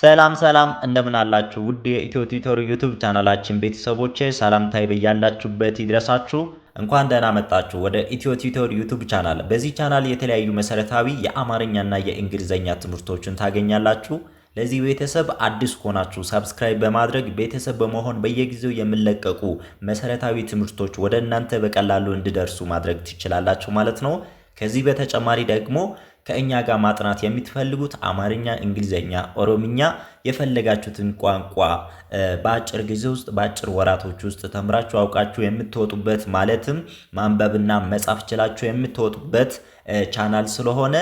ሰላም ሰላም እንደምን አላችሁ? ውድ የኢትዮ ቲቶር ዩቱብ ቻናላችን ቤተሰቦቼ ሰላምታዬ በያላችሁበት ይድረሳችሁ። እንኳን ደህና መጣችሁ ወደ ኢትዮ ቲቶር ዩቱብ ቻናል። በዚህ ቻናል የተለያዩ መሰረታዊ የአማርኛና የእንግሊዝኛ ትምህርቶችን ታገኛላችሁ። ለዚህ ቤተሰብ አዲስ ከሆናችሁ ሰብስክራይብ በማድረግ ቤተሰብ በመሆን በየጊዜው የሚለቀቁ መሰረታዊ ትምህርቶች ወደ እናንተ በቀላሉ እንዲደርሱ ማድረግ ትችላላችሁ ማለት ነው። ከዚህ በተጨማሪ ደግሞ ከእኛ ጋር ማጥናት የምትፈልጉት አማርኛ፣ እንግሊዝኛ፣ ኦሮምኛ የፈለጋችሁትን ቋንቋ በአጭር ጊዜ ውስጥ በአጭር ወራቶች ውስጥ ተምራችሁ አውቃችሁ የምትወጡበት ማለትም ማንበብና መጻፍ ችላችሁ የምትወጡበት ቻናል ስለሆነ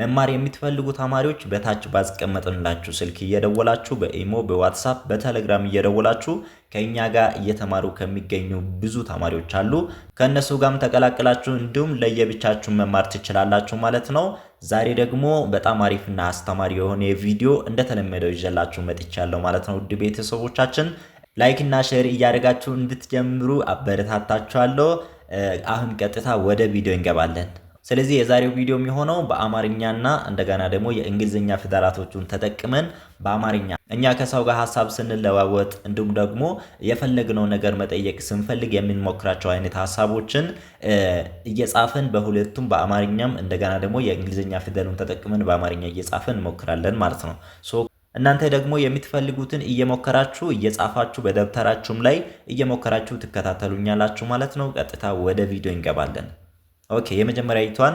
መማር የምትፈልጉ ተማሪዎች በታች ባስቀመጥንላችሁ ስልክ እየደወላችሁ በኢሞ፣ በዋትሳፕ፣ በቴሌግራም እየደወላችሁ ከእኛ ጋር እየተማሩ ከሚገኙ ብዙ ተማሪዎች አሉ። ከእነሱ ጋርም ተቀላቅላችሁ እንዲሁም ለየብቻችሁን መማር ትችላላችሁ ማለት ነው። ዛሬ ደግሞ በጣም አሪፍና አስተማሪ የሆነ ቪዲዮ እንደተለመደው ይዤላችሁ መጥቻለሁ ማለት ነው። ውድ ቤተሰቦቻችን ላይክ እና ሼር እያደረጋችሁ እንድትጀምሩ አበረታታችኋለሁ። አሁን ቀጥታ ወደ ቪዲዮ እንገባለን። ስለዚህ የዛሬው ቪዲዮ የሚሆነው በአማርኛና እንደገና ደግሞ የእንግሊዝኛ ፊደላቶቹን ተጠቅመን በአማርኛ እኛ ከሰው ጋር ሀሳብ ስንለዋወጥ እንዲሁም ደግሞ የፈለግነው ነገር መጠየቅ ስንፈልግ የምንሞክራቸው አይነት ሀሳቦችን እየጻፍን በሁለቱም በአማርኛም እንደገና ደግሞ የእንግሊዝኛ ፊደሉን ተጠቅመን በአማርኛ እየጻፍን እንሞክራለን ማለት ነው። እናንተ ደግሞ የምትፈልጉትን እየሞከራችሁ እየጻፋችሁ በደብተራችሁም ላይ እየሞከራችሁ ትከታተሉኛላችሁ ማለት ነው። ቀጥታ ወደ ቪዲዮ እንገባለን። ኦኬ ይቷን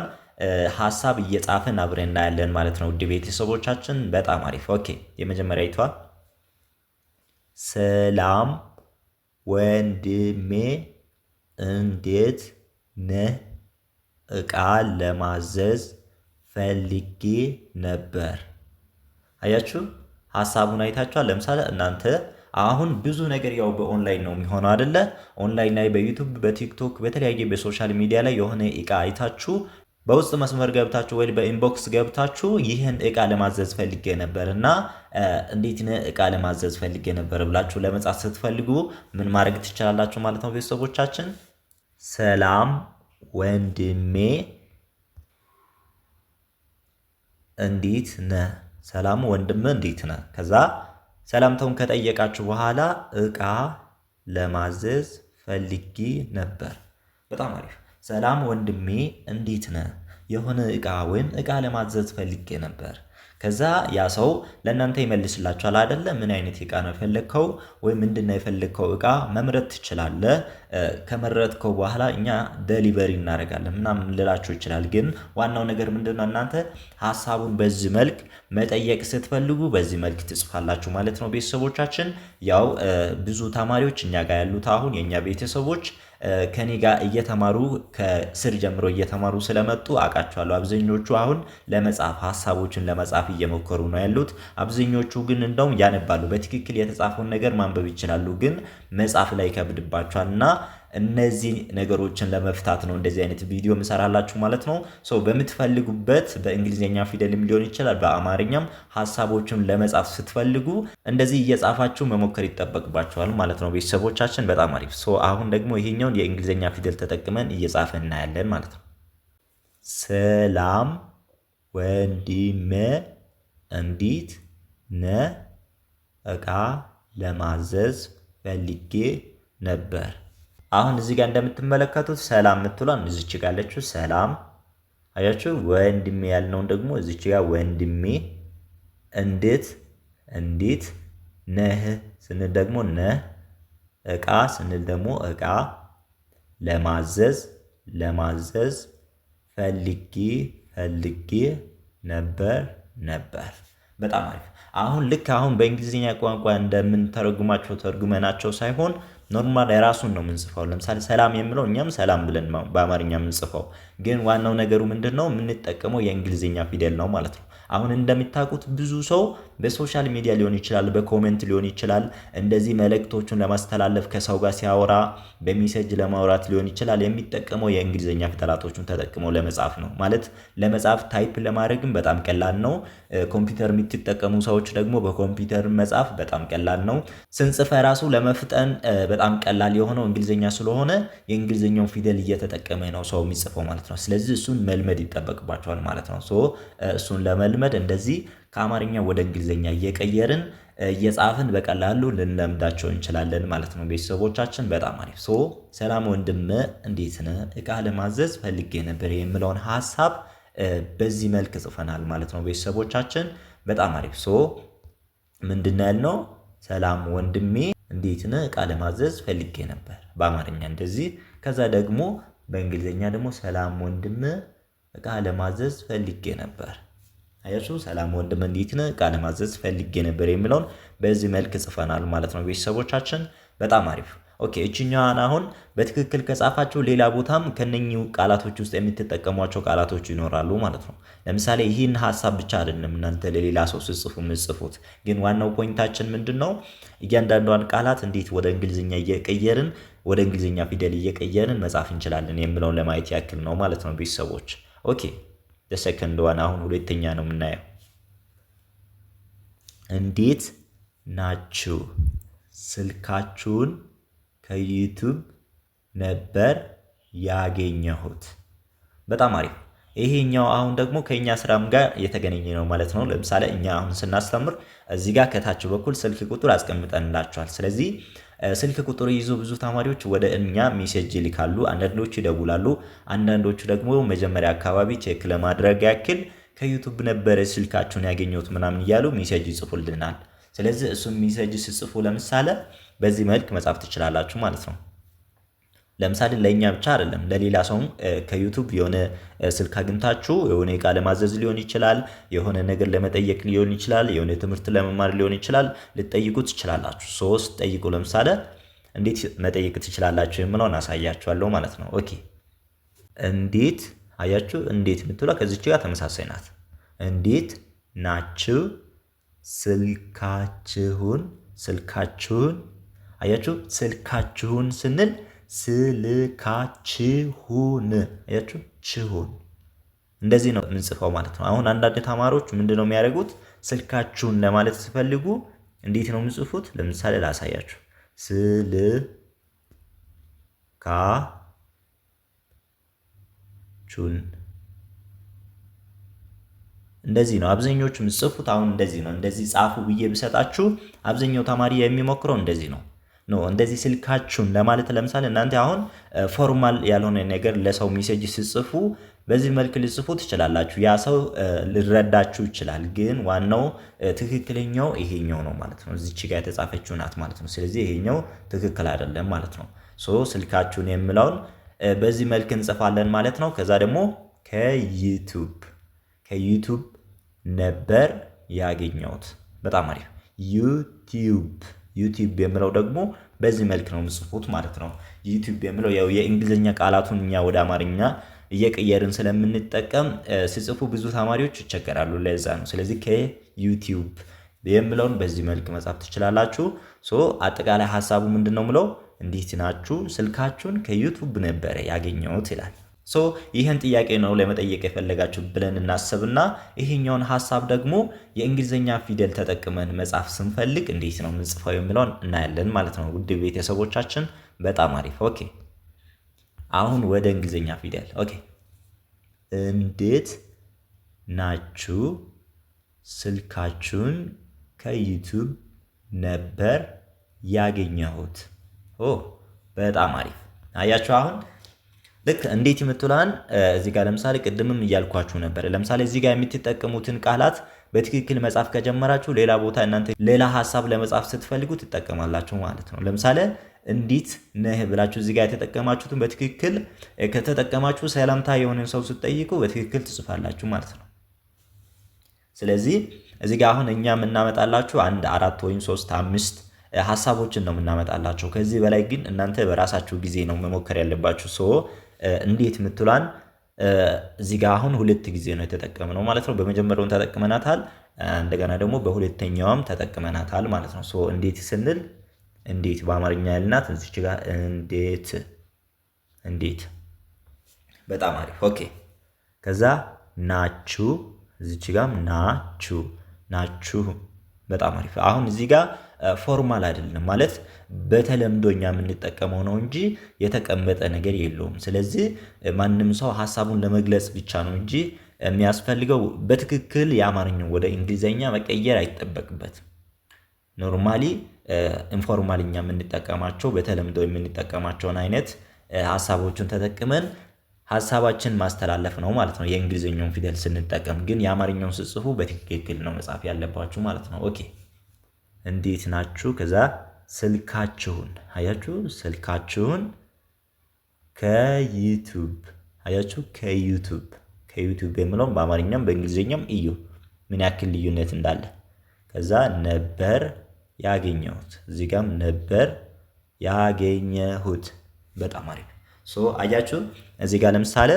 ሀሳብ እየጻፍን አብረን እናያለን ማለት ነው። ውድ ቤተሰቦቻችን በጣም አሪፍ። ኦኬ ይቷ ሰላም ወንድሜ እንዴት ነህ? እቃ ለማዘዝ ፈልጌ ነበር። አያችሁ ሀሳቡን አይታችኋል። ለምሳሌ እናንተ አሁን ብዙ ነገር ያው በኦንላይን ነው የሚሆነው አደለ? ኦንላይን ላይ በዩቱብ በቲክቶክ በተለያየ በሶሻል ሚዲያ ላይ የሆነ እቃ አይታችሁ በውስጥ መስመር ገብታችሁ ወይ በኢንቦክስ ገብታችሁ ይህን እቃ ለማዘዝ ፈልጌ ነበር እና እንዴት ነ እቃ ለማዘዝ ፈልጌ ነበር ብላችሁ ለመጻፍ ስትፈልጉ ምን ማድረግ ትችላላችሁ ማለት ነው። ቤተሰቦቻችን ሰላም ወንድሜ እንዴት ነ፣ ሰላም ወንድም እንዴት ነ ከዛ ሰላምታውን ከጠየቃችሁ በኋላ እቃ ለማዘዝ ፈልጌ ነበር። በጣም አሪፍ። ሰላም ወንድሜ እንዴት ነህ? የሆነ እቃ ወይም እቃ ለማዘዝ ፈልጌ ነበር። ከዛ ያ ሰው ለእናንተ ይመልስላችኋል አይደለ? ምን አይነት እቃ ነው የፈለግከው ወይም ምንድነው የፈለግከው እቃ መምረት ትችላለ ከመረጥከው በኋላ እኛ ደሊቨሪ እናደርጋለን ምናምን ልላችሁ ይችላል። ግን ዋናው ነገር ምንድነው እናንተ ሀሳቡን በዚህ መልክ መጠየቅ ስትፈልጉ በዚህ መልክ ትጽፋላችሁ ማለት ነው። ቤተሰቦቻችን ያው ብዙ ተማሪዎች እኛ ጋር ያሉት አሁን የእኛ ቤተሰቦች ከኔ ጋር እየተማሩ ከስር ጀምሮ እየተማሩ ስለመጡ አውቃቸዋለሁ። አብዛኞቹ አሁን ለመጻፍ ሀሳቦችን ለመጻፍ እየሞከሩ ነው ያሉት። አብዛኞቹ ግን እንደውም ያነባሉ፣ በትክክል የተጻፈውን ነገር ማንበብ ይችላሉ፣ ግን መጻፍ ላይ ይከብድባቸዋል እና እነዚህ ነገሮችን ለመፍታት ነው እንደዚህ አይነት ቪዲዮ ምሰራላችሁ ማለት ነው። ሰው በምትፈልጉበት በእንግሊዝኛ ፊደልም ሊሆን ይችላል፣ በአማርኛም ሀሳቦችን ለመጻፍ ስትፈልጉ እንደዚህ እየጻፋችሁ መሞከር ይጠበቅባችኋል ማለት ነው። ቤተሰቦቻችን በጣም አሪፍ። አሁን ደግሞ ይሄኛውን የእንግሊዝኛ ፊደል ተጠቅመን እየጻፈ እናያለን ማለት ነው። ሰላም ወንድሜ፣ እንዴት ነ እቃ ለማዘዝ ፈልጌ ነበር አሁን እዚህ ጋር እንደምትመለከቱት ሰላም የምትሏን እዚች ጋር ያለችው ሰላም አያችሁ። ወንድሜ ያልነውን ደግሞ እዚች ጋር ወንድሜ፣ እንዴት እንዴት ነህ ስንል ደግሞ ነህ፣ እቃ ስንል ደግሞ እቃ፣ ለማዘዝ ለማዘዝ፣ ፈልጌ ፈልጌ ነበር ነበር። በጣም አሪፍ። አሁን ልክ አሁን በእንግሊዝኛ ቋንቋ እንደምንተረጉማቸው ተርጉመናቸው ሳይሆን ኖርማል የራሱን ነው የምንጽፈው። ለምሳሌ ሰላም የምለው እኛም ሰላም ብለን በአማርኛ የምንጽፈው፣ ግን ዋናው ነገሩ ምንድን ነው የምንጠቀመው የእንግሊዝኛ ፊደል ነው ማለት ነው። አሁን እንደሚታውቁት ብዙ ሰው በሶሻል ሚዲያ ሊሆን ይችላል፣ በኮሜንት ሊሆን ይችላል፣ እንደዚህ መልእክቶቹን ለማስተላለፍ ከሰው ጋር ሲያወራ በሚሰጅ ለማውራት ሊሆን ይችላል የሚጠቀመው የእንግሊዝኛ ፊደላቶችን ተጠቅመው ለመጻፍ ነው። ማለት ለመጻፍ ታይፕ ለማድረግም በጣም ቀላል ነው። ኮምፒውተር የምትጠቀሙ ሰዎች ደግሞ በኮምፒውተር መጻፍ በጣም ቀላል ነው። ስንጽፈ ራሱ ለመፍጠን በጣም ቀላል የሆነው እንግሊዝኛ ስለሆነ የእንግሊዝኛውን ፊደል እየተጠቀመ ነው ሰው የሚጽፈው ማለት ነው። ስለዚህ እሱን መልመድ ይጠበቅባቸዋል ማለት ነው እሱን ለመልመድ በመልመድ እንደዚህ ከአማርኛ ወደ እንግሊዝኛ እየቀየርን እየጻፍን በቀላሉ ልንለምዳቸው እንችላለን ማለት ነው። ቤተሰቦቻችን በጣም አሪፍ ሶ ሰላም ወንድም እንዴት ነ እቃ ለማዘዝ ፈልጌ ነበር የምለውን ሀሳብ በዚህ መልክ ጽፈናል ማለት ነው። ቤተሰቦቻችን በጣም አሪፍ ሶ ምንድን ያልነው ሰላም ወንድሜ እንዴት ነ እቃ ለማዘዝ ፈልጌ ነበር በአማርኛ እንደዚህ። ከዛ ደግሞ በእንግሊዝኛ ደግሞ ሰላም ወንድም እቃ ለማዘዝ ፈልጌ ነበር እርሱ ሰላም ወንድም እንዴት ነህ ቃለ ማዘዝ ፈልጌ ነበር የሚለውን በዚህ መልክ ጽፈናል ማለት ነው ቤተሰቦቻችን። በጣም አሪፍ ኦኬ። እችኛዋን አሁን በትክክል ከጻፋቸው ሌላ ቦታም ከነኚሁ ቃላቶች ውስጥ የምትጠቀሟቸው ቃላቶች ይኖራሉ ማለት ነው። ለምሳሌ ይህን ሀሳብ ብቻ አይደለም እናንተ ለሌላ ሰው ስጽፉ የምጽፉት፣ ግን ዋናው ፖይንታችን ምንድን ነው? እያንዳንዷን ቃላት እንዴት ወደ እንግሊዝኛ እየቀየርን ወደ እንግሊዝኛ ፊደል እየቀየርን መጻፍ እንችላለን የሚለውን ለማየት ያክል ነው ማለት ነው ቤተሰቦች ኦኬ። ለሰከንድ ዋን አሁን ሁለተኛ ነው የምናየው። እንዴት ናችሁ? ስልካችሁን ከዩቱብ ነበር ያገኘሁት። በጣም አሪፍ። ይሄኛው አሁን ደግሞ ከእኛ ስራም ጋር የተገናኘ ነው ማለት ነው። ለምሳሌ እኛ አሁን ስናስተምር እዚህ ጋር ከታች በኩል ስልክ ቁጥር አስቀምጠንላችኋል። ስለዚህ ስልክ ቁጥር ይዞ ብዙ ተማሪዎች ወደ እኛ ሜሴጅ ይልካሉ። አንዳንዶቹ ይደውላሉ። አንዳንዶቹ ደግሞ መጀመሪያ አካባቢ ቼክ ለማድረግ ያክል ከዩቱብ ነበረ ስልካችሁን ያገኘሁት ምናምን እያሉ ሜሴጅ ይጽፉልናል። ስለዚህ እሱም ሜሴጅ ስጽፉ ለምሳሌ በዚህ መልክ መጻፍ ትችላላችሁ ማለት ነው። ለምሳሌ ለእኛ ብቻ አይደለም ለሌላ ሰውም ከዩቱብ የሆነ ስልክ አግኝታችሁ የሆነ እቃ ለማዘዝ ሊሆን ይችላል፣ የሆነ ነገር ለመጠየቅ ሊሆን ይችላል፣ የሆነ ትምህርት ለመማር ሊሆን ይችላል። ልትጠይቁ ትችላላችሁ። ሶስት ጠይቁ። ለምሳሌ እንዴት መጠየቅ ትችላላችሁ የምለውን አሳያችኋለሁ ማለት ነው። ኦኬ እንዴት አያችሁ፣ እንዴት የምትሏ ከዚች ጋር ተመሳሳይ ናት። እንዴት ናችሁ፣ ስልካችሁን ስልካችሁን አያችሁ፣ ስልካችሁን ስንል ስልካችሁን አያችሁ፣ ችሁን እንደዚህ ነው የምንጽፈው ማለት ነው። አሁን አንዳንድ ተማሪዎች ምንድን ነው የሚያደርጉት? ስልካችሁን ለማለት ሲፈልጉ እንዴት ነው የምጽፉት? ለምሳሌ ላሳያችሁ። ስልካችሁን እንደዚህ ነው አብዛኞቹ የምጽፉት። አሁን እንደዚህ ነው። እንደዚህ ጻፉ ብዬ ብሰጣችሁ አብዛኛው ተማሪ የሚሞክረው እንደዚህ ነው። ነው እንደዚህ ስልካችሁን ለማለት ለምሳሌ እናንተ አሁን ፎርማል ያልሆነ ነገር ለሰው ሜሴጅ ስጽፉ በዚህ መልክ ልጽፉ ትችላላችሁ። ያ ሰው ልረዳችሁ ይችላል። ግን ዋናው ትክክለኛው ይሄኛው ነው ማለት ነው። እዚች ጋር የተጻፈችው ናት ማለት ነው። ስለዚህ ይሄኛው ትክክል አይደለም ማለት ነው። ሶ ስልካችሁን የምለውን በዚህ መልክ እንጽፋለን ማለት ነው። ከዛ ደግሞ ከዩቱብ ከዩቱብ ነበር ያገኘሁት። በጣም አሪፍ ዩቲዩብ ዩቲዩብ የምለው ደግሞ በዚህ መልክ ነው የምጽፉት ማለት ነው። ዩቲዩብ የምለው ያው የእንግሊዝኛ ቃላቱን እኛ ወደ አማርኛ እየቀየርን ስለምንጠቀም ሲጽፉ ብዙ ተማሪዎች ይቸገራሉ። ለዛ ነው። ስለዚህ ከዩቲዩብ የምለውን በዚህ መልክ መጻፍ ትችላላችሁ። ሶ አጠቃላይ ሀሳቡ ምንድን ነው ምለው እንዲህ ናችሁ። ስልካችሁን ከዩቱብ ነበረ ያገኘሁት ይላል። ሶ ይህን ጥያቄ ነው ለመጠየቅ የፈለጋችሁ ብለን እናስብና ይሄኛውን ሀሳብ ደግሞ የእንግሊዝኛ ፊደል ተጠቅመን መጻፍ ስንፈልግ እንዴት ነው ምንጽፈው የሚለውን እናያለን ማለት ነው። ውድ ቤተሰቦቻችን በጣም አሪፍ። ኦኬ አሁን ወደ እንግሊዝኛ ፊደል ኦኬ። እንዴት ናችሁ? ስልካችሁን ከዩቱብ ነበር ያገኘሁት። ኦ በጣም አሪፍ አያችሁ አሁን ልክ እንዴት የምትለዋን እዚህ ጋር ለምሳሌ ቅድምም እያልኳችሁ ነበር። ለምሳሌ እዚህ ጋር የምትጠቀሙትን ቃላት በትክክል መጻፍ ከጀመራችሁ ሌላ ቦታ እናንተ ሌላ ሀሳብ ለመጻፍ ስትፈልጉ ትጠቀማላችሁ ማለት ነው። ለምሳሌ እንዴት ነህ ብላችሁ እዚህ ጋር የተጠቀማችሁትን በትክክል ከተጠቀማችሁ ሰላምታ የሆነን ሰው ስትጠይቁ በትክክል ትጽፋላችሁ ማለት ነው። ስለዚህ እዚህ ጋር አሁን እኛ የምናመጣላችሁ አንድ አራት ወይም ሶስት አምስት ሀሳቦችን ነው የምናመጣላቸው። ከዚህ በላይ ግን እናንተ በራሳችሁ ጊዜ ነው መሞከር ያለባችሁ። እንዴት የምትሏን እዚህ ጋር አሁን ሁለት ጊዜ ነው የተጠቀምነው ማለት ነው። በመጀመሪያውም ተጠቅመናታል፣ እንደገና ደግሞ በሁለተኛውም ተጠቅመናታል ማለት ነው። ሶ እንዴት ስንል እንዴት በአማርኛ ያልናት እዚች ጋር እንዴት እንዴት። በጣም አሪፍ ኦኬ። ከዛ ናችሁ እዚች ጋም ናችሁ ናችሁ። በጣም አሪፍ አሁን እዚህ ጋር ፎርማል አይደለም ማለት በተለምዶ እኛ የምንጠቀመው ነው እንጂ የተቀመጠ ነገር የለውም። ስለዚህ ማንም ሰው ሀሳቡን ለመግለጽ ብቻ ነው እንጂ የሚያስፈልገው በትክክል የአማርኛው ወደ እንግሊዘኛ መቀየር አይጠበቅበትም። ኖርማሊ ኢንፎርማል እኛ የምንጠቀማቸው በተለምዶ የምንጠቀማቸውን አይነት ሀሳቦቹን ተጠቅመን ሀሳባችን ማስተላለፍ ነው ማለት ነው። የእንግሊዝኛውን ፊደል ስንጠቀም ግን የአማርኛውን ስጽፉ በትክክል ነው መጻፍ ያለባችሁ ማለት ነው። ኦኬ እንዴት ናችሁ? ከዛ ስልካችሁን አያችሁ፣ ስልካችሁን ከዩቱብ አያችሁ፣ ከዩቱብ ከዩቱብ የምለው በአማርኛም በእንግሊዝኛም እዩ ምን ያክል ልዩነት እንዳለ። ከዛ ነበር ያገኘሁት እዚህ ጋም ነበር ያገኘሁት። በጣም አሪፍ ሶ አያችሁ፣ እዚህ ጋር ለምሳሌ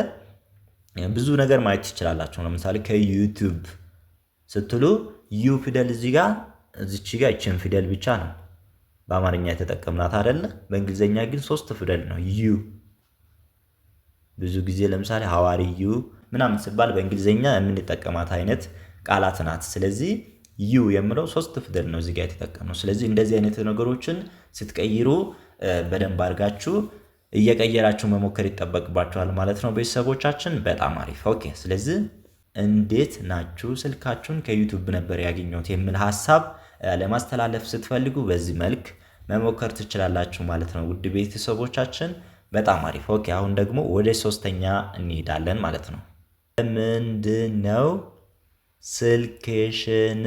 ብዙ ነገር ማየት ትችላላችሁ። ለምሳሌ ከዩቱብ ስትሉ ዩ ፊደል እዚህ ጋር እዚች ጋ ይችን ፊደል ብቻ ነው በአማርኛ የተጠቀምናት አደለ። በእንግሊዝኛ ግን ሶስት ፊደል ነው ዩ። ብዙ ጊዜ ለምሳሌ ዩ ምናምን ስባል በእንግሊዝኛ የምንጠቀማት አይነት ቃላት ናት። ስለዚህ ዩ የምለው ሶስት ፊደል ነው እዚጋ የተጠቀምነው። ስለዚህ እንደዚህ አይነት ነገሮችን ስትቀይሩ በደንብ አድርጋችሁ እየቀየራችሁ መሞከር ይጠበቅባችኋል ማለት ነው። ቤተሰቦቻችን በጣም አሪፍ ኦኬ። ስለዚህ እንዴት ናችሁ? ስልካችሁን ከዩቱብ ነበር ያገኘሁት የሚል ሀሳብ ለማስተላለፍ ስትፈልጉ በዚህ መልክ መሞከር ትችላላችሁ ማለት ነው። ውድ ቤተሰቦቻችን በጣም አሪፍ። ኦኬ አሁን ደግሞ ወደ ሶስተኛ እንሄዳለን ማለት ነው። ምንድነው ስልክሽን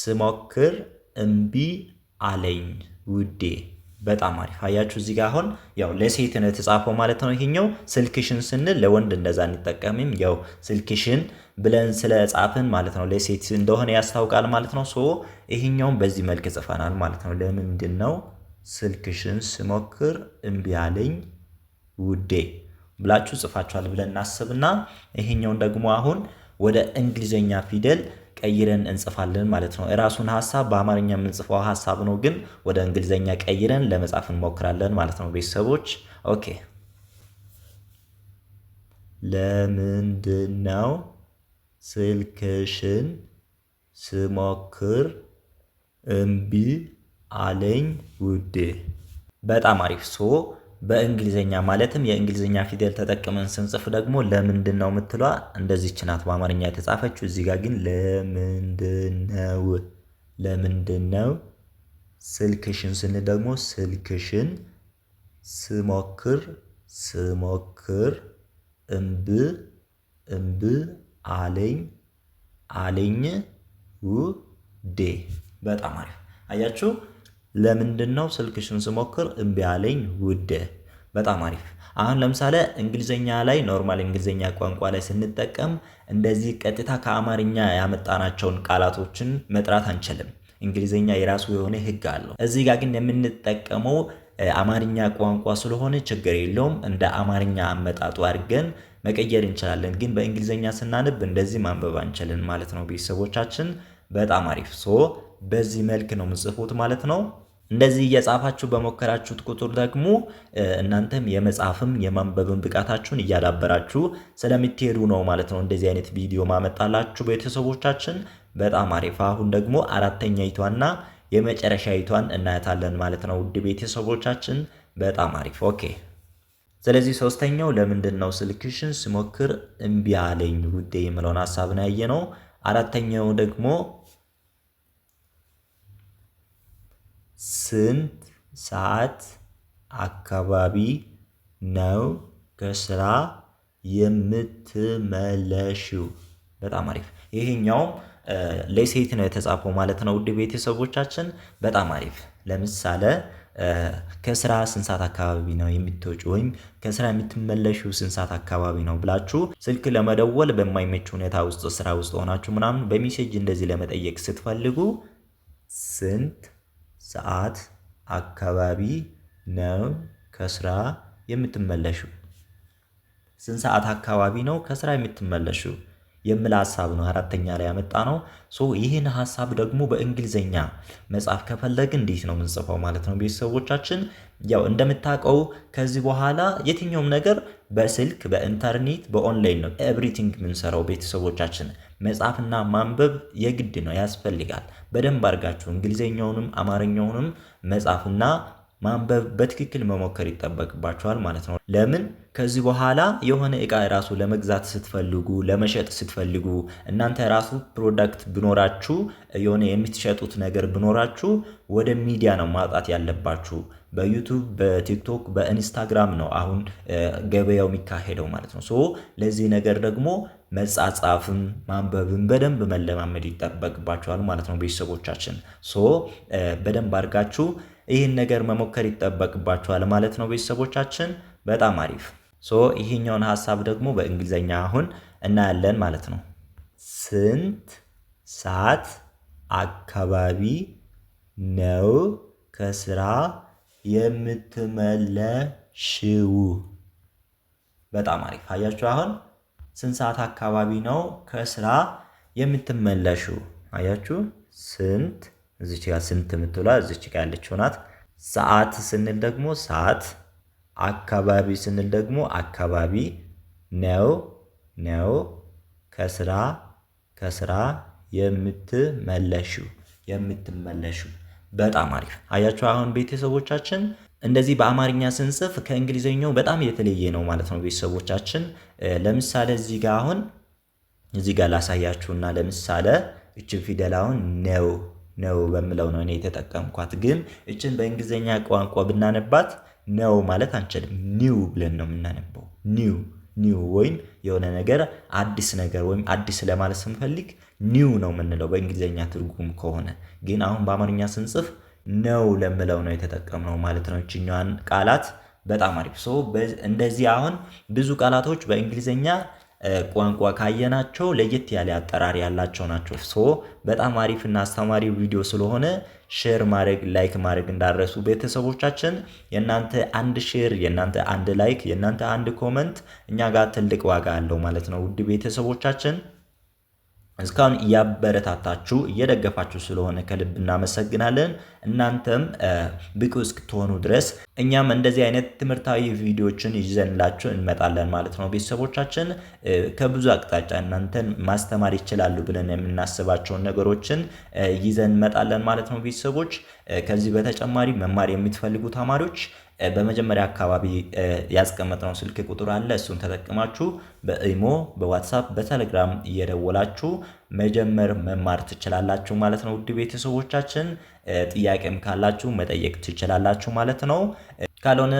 ስሞክር እምቢ አለኝ ውዴ በጣም አሪፍ አያችሁ። እዚህ ጋር አሁን ያው ለሴት ነው የተጻፈው ማለት ነው። ይሄኛው ስልክሽን ስንል ለወንድ እንደዛ እንጠቀምም። ያው ስልክሽን ብለን ስለጻፍን ማለት ነው ለሴት እንደሆነ ያስታውቃል ማለት ነው። ሶ ይሄኛውን በዚህ መልክ ጽፈናል ማለት ነው። ለምንድን ነው ስልክሽን ስሞክር እምቢ አለኝ ውዴ ብላችሁ ጽፋችኋል ብለን እናስብና ይሄኛውን ደግሞ አሁን ወደ እንግሊዘኛ ፊደል ቀይረን እንጽፋለን ማለት ነው። የራሱን ሀሳብ በአማርኛ የምንጽፈው ሀሳብ ነው፣ ግን ወደ እንግሊዝኛ ቀይረን ለመጻፍ እንሞክራለን ማለት ነው። ቤተሰቦች ኦኬ። ለምንድነው ስልክሽን ስሞክር እምቢ አለኝ ውዴ? በጣም አሪፍ ሶ በእንግሊዝኛ ማለትም የእንግሊዝኛ ፊደል ተጠቅመን ስንጽፍ ደግሞ ለምንድን ነው የምትሏ እንደዚች ናት በአማርኛ የተጻፈችው። እዚህ ጋር ግን ለምንድነው ለምንድነው። ስልክሽን ስንል ደግሞ ስልክሽን፣ ስሞክር ስሞክር፣ እምብ እምብ አለኝ አለኝ፣ ውዴ። በጣም አሪፍ አያችሁ። ለምንድን ነው ስልክሽን ስሞክር እምቢ አለኝ ውዴ። በጣም አሪፍ። አሁን ለምሳሌ እንግሊዘኛ ላይ ኖርማል እንግሊዘኛ ቋንቋ ላይ ስንጠቀም እንደዚህ ቀጥታ ከአማርኛ ያመጣናቸውን ቃላቶችን መጥራት አንችልም። እንግሊዘኛ የራሱ የሆነ ሕግ አለው። እዚህ ጋር ግን የምንጠቀመው አማርኛ ቋንቋ ስለሆነ ችግር የለውም። እንደ አማርኛ አመጣጡ አድርገን መቀየር እንችላለን። ግን በእንግሊዘኛ ስናንብ እንደዚህ ማንበብ አንችልን ማለት ነው። ቤተሰቦቻችን በጣም አሪፍ ሶ በዚህ መልክ ነው የምጽፉት ማለት ነው። እንደዚህ እየጻፋችሁ በሞከራችሁት ቁጥር ደግሞ እናንተም የመጻፍም የማንበብን ብቃታችሁን እያዳበራችሁ ስለምትሄዱ ነው ማለት ነው። እንደዚህ አይነት ቪዲዮ ማመጣላችሁ ቤተሰቦቻችን በጣም አሪፍ። አሁን ደግሞ አራተኛይቷና የመጨረሻይቷን እናያታለን ማለት ነው። ውድ ቤተሰቦቻችን በጣም አሪፍ ኦኬ። ስለዚህ ሶስተኛው ለምንድን ነው ስልክሽን ስሞክር እምቢ አለኝ ውዴ የምለውን ሀሳብ ነው ያየ ነው። አራተኛው ደግሞ ስንት ሰዓት አካባቢ ነው ከስራ የምትመለሽው በጣም አሪፍ ይሄኛውም ለሴት ነው የተጻፈው ማለት ነው። ውድ ቤተሰቦቻችን በጣም አሪፍ ለምሳሌ ከስራ ስንት ሰዓት አካባቢ ነው የምትወጪው ወይም ከስራ የምትመለሽው ስንት ሰዓት አካባቢ ነው ብላችሁ ስልክ ለመደወል በማይመች ሁኔታ ውስጥ ስራ ውስጥ ሆናችሁ ምናምን በሜሴጅ እንደዚህ ለመጠየቅ ስትፈልጉ ስንት ሰዓት አካባቢ ነው ከስራ የምትመለሹ? ስንት ሰዓት አካባቢ ነው ከስራ የምትመለሹ የሚል ሀሳብ ነው አራተኛ ላይ ነው። ሶ ይህን ሀሳብ ደግሞ በእንግሊዝኛ መጻፍ ከፈለግን እንዴት ነው የምንጽፈው ማለት ነው ቤተሰቦቻችን። ያው እንደምታውቀው ከዚህ በኋላ የትኛውም ነገር በስልክ በኢንተርኔት በኦንላይን ነው ኤቭሪቲንግ የምንሰራው ቤተሰቦቻችን። መጻፍና ማንበብ የግድ ነው ያስፈልጋል። በደንብ አድርጋችሁ እንግሊዘኛውንም አማርኛውንም መጻፍና ማንበብ በትክክል መሞከር ይጠበቅባችኋል ማለት ነው። ለምን ከዚህ በኋላ የሆነ እቃ ራሱ ለመግዛት ስትፈልጉ፣ ለመሸጥ ስትፈልጉ እናንተ ራሱ ፕሮዳክት ብኖራችሁ የሆነ የምትሸጡት ነገር ብኖራችሁ ወደ ሚዲያ ነው ማውጣት ያለባችሁ። በዩቱብ፣ በቲክቶክ፣ በኢንስታግራም ነው አሁን ገበያው የሚካሄደው ማለት ነው። ሶ ለዚህ ነገር ደግሞ መጻጻፍም ማንበብም በደንብ መለማመድ ይጠበቅባቸዋል ማለት ነው። ቤተሰቦቻችን ሶ በደንብ አድርጋችሁ ይህን ነገር መሞከር ይጠበቅባቸዋል ማለት ነው። ቤተሰቦቻችን በጣም አሪፍ። ሶ ይሄኛውን ሀሳብ ደግሞ በእንግሊዝኛ አሁን እናያለን ማለት ነው። ስንት ሰዓት አካባቢ ነው ከስራ የምትመለሽው? በጣም አሪፍ አያችሁ አሁን ስንት ሰዓት አካባቢ ነው ከስራ የምትመለሹ? አያችሁ ስንት እዚች ጋር ስንት የምትውላ እዚች ጋር ያለችው ናት። ሰዓት ስንል ደግሞ ሰዓት፣ አካባቢ ስንል ደግሞ አካባቢ ነው ነው ከስራ ከስራ የምትመለሹ የምትመለሹ። በጣም አሪፍ አያችሁ። አሁን ቤተሰቦቻችን እንደዚህ በአማርኛ ስንጽፍ ከእንግሊዝኛው በጣም የተለየ ነው ማለት ነው ቤተሰቦቻችን። ለምሳሌ እዚህ ጋር አሁን እዚህ ጋር ላሳያችሁና ለምሳሌ እችን ፊደል አሁን ነው ነው በምለው ነው እኔ የተጠቀምኳት። ግን እችን በእንግሊዝኛ ቋንቋ ብናነባት ነው ማለት አንችልም። ኒው ብለን ነው የምናነባው። ኒው ኒው ወይም የሆነ ነገር አዲስ ነገር ወይም አዲስ ለማለት ስንፈልግ ኒው ነው የምንለው በእንግሊዝኛ ትርጉም ከሆነ። ግን አሁን በአማርኛ ስንጽፍ ነው ለምለው ነው የተጠቀምነው ማለት ነው። እችኛዋን ቃላት በጣም አሪፍ ሶ እንደዚህ አሁን ብዙ ቃላቶች በእንግሊዝኛ ቋንቋ ካየናቸው ለየት ያለ አጠራር ያላቸው ናቸው። ሶ በጣም አሪፍና አስተማሪ ቪዲዮ ስለሆነ ሼር ማድረግ ላይክ ማድረግ እንዳረሱ ቤተሰቦቻችን። የእናንተ አንድ ሼር፣ የእናንተ አንድ ላይክ፣ የእናንተ አንድ ኮመንት እኛ ጋር ትልቅ ዋጋ አለው ማለት ነው ውድ ቤተሰቦቻችን። እስካሁን እያበረታታችሁ እየደገፋችሁ ስለሆነ ከልብ እናመሰግናለን። እናንተም ብቁ እስክትሆኑ ድረስ እኛም እንደዚህ አይነት ትምህርታዊ ቪዲዮዎችን ይዘንላችሁ እንመጣለን ማለት ነው። ቤተሰቦቻችን ከብዙ አቅጣጫ እናንተን ማስተማር ይችላሉ ብለን የምናስባቸውን ነገሮችን ይዘን እንመጣለን ማለት ነው። ቤተሰቦች ከዚህ በተጨማሪ መማር የምትፈልጉ ተማሪዎች በመጀመሪያ አካባቢ ያስቀመጥነው ስልክ ቁጥር አለ። እሱን ተጠቅማችሁ በኢሞ፣ በዋትሳፕ፣ በቴሌግራም እየደወላችሁ መጀመር መማር ትችላላችሁ ማለት ነው። ውድ ቤተሰቦቻችን ጥያቄም ካላችሁ መጠየቅ ትችላላችሁ ማለት ነው። ካልሆነ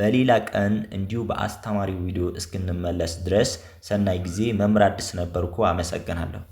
በሌላ ቀን እንዲሁ በአስተማሪ ቪዲዮ እስክንመለስ ድረስ ሰናይ ጊዜ። መምህር አዲስ ነበርኩ። አመሰግናለሁ።